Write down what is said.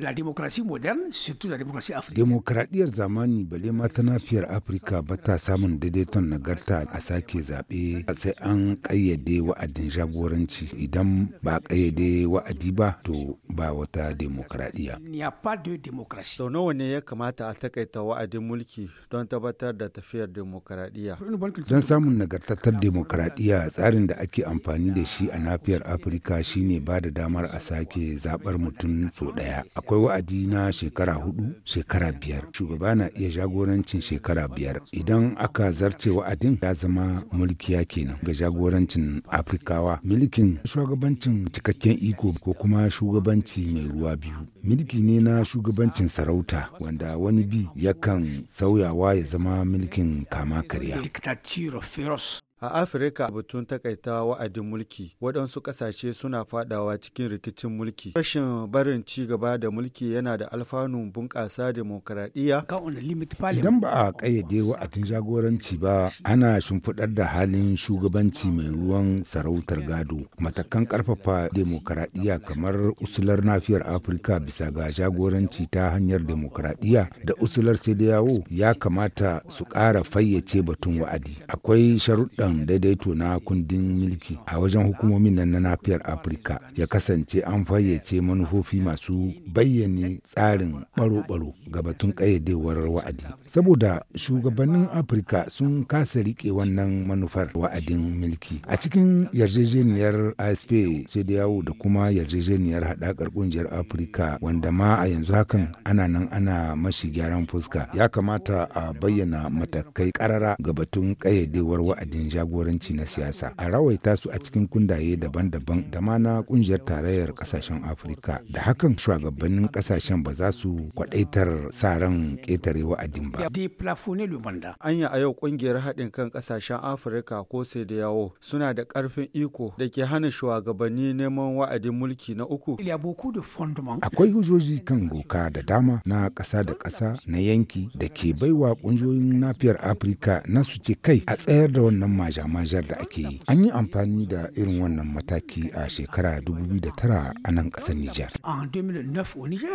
la démocratie moderne, surtout la démocratie africaine. Demokradiyyar zamani balema ma ta nafiyar Afirka ba ta samun daidaiton nagarta a sake zaɓe sai an ƙayyade wa'adin jagoranci idan ba ƙayyade wa'adi ba to ba wata demokradiyya. Sau nawa ne ya kamata a takaita wa'adin mulki don tabbatar da tafiyar demokradiyya? Don samun nagartattar demokradiyya tsarin da ake amfani da shi a nafiyar Afirka shine ba da damar a sake zaɓar mutum so ɗaya. akwai wa'adi na shekara hudu shekara biyar shugaba na iya jagorancin shekara biyar idan aka zarce wa'adin ya zama mulkiya kenan ga jagorancin Afrikawa, milikin shugabancin cikakken iko ko kuma shugabanci mai ruwa biyu milki ne na shugabancin sarauta wanda wani bi yakan sauyawa ya zama milkin kama karya A Afirka batun takaita wa'adin mulki waɗansu ƙasashe suna fadawa cikin rikicin mulki. Rashin barin ci gaba da mulki yana da alfanun bunƙasa demokaradiyya. Idan ba a ƙayyade wa'adin jagoranci ba ana shimfiɗar da halin shugabanci mai ruwan sarautar gado. Matakan ƙarfafa demokaradiyya kamar usular nafiyar Afirka bisa ga jagoranci ta hanyar demokaradiyya da usular sai yawo ya kamata su ƙara fayyace batun wa'adi. Akwai sharuɗa kan daidaito na kundin milki a wajen hukumomin nan na nafiyar afirka ya kasance an fayyace manufofi masu bayyane tsarin baro-baro ga batun ƙayyadewar wa'adi saboda shugabannin afirka sun kasa rike wannan manufar wa'adin milki a cikin yarjejeniyar asp sai da yawo da kuma yarjejeniyar haɗakar ƙungiyar afirka wanda ma a yanzu hakan ana nan ana mashi gyaran fuska ya kamata a bayyana matakai ƙarara ga batun kayyadewar wa'adin jagoranci na siyasa a rawaita su a cikin kundaye daban-daban da ma na kungiyar tarayyar kasashen afirka da hakan shugabannin kasashen ba za su kwadaitar sa ran ƙetare wa'adin ba anya a yau kungiyar haɗin kan kasashen afirka ko sai da yawo suna da ƙarfin iko da ke hana shugabanni neman wa'adin mulki na uku akwai hujjoji kan doka da dama na ƙasa da ƙasa na yanki da ke baiwa kungiyoyin nafiyar afirka na su ce kai a tsayar da wannan maja da ake yi an yi amfani da irin wannan mataki a shekara 2009 a nan ƙasar Nijar.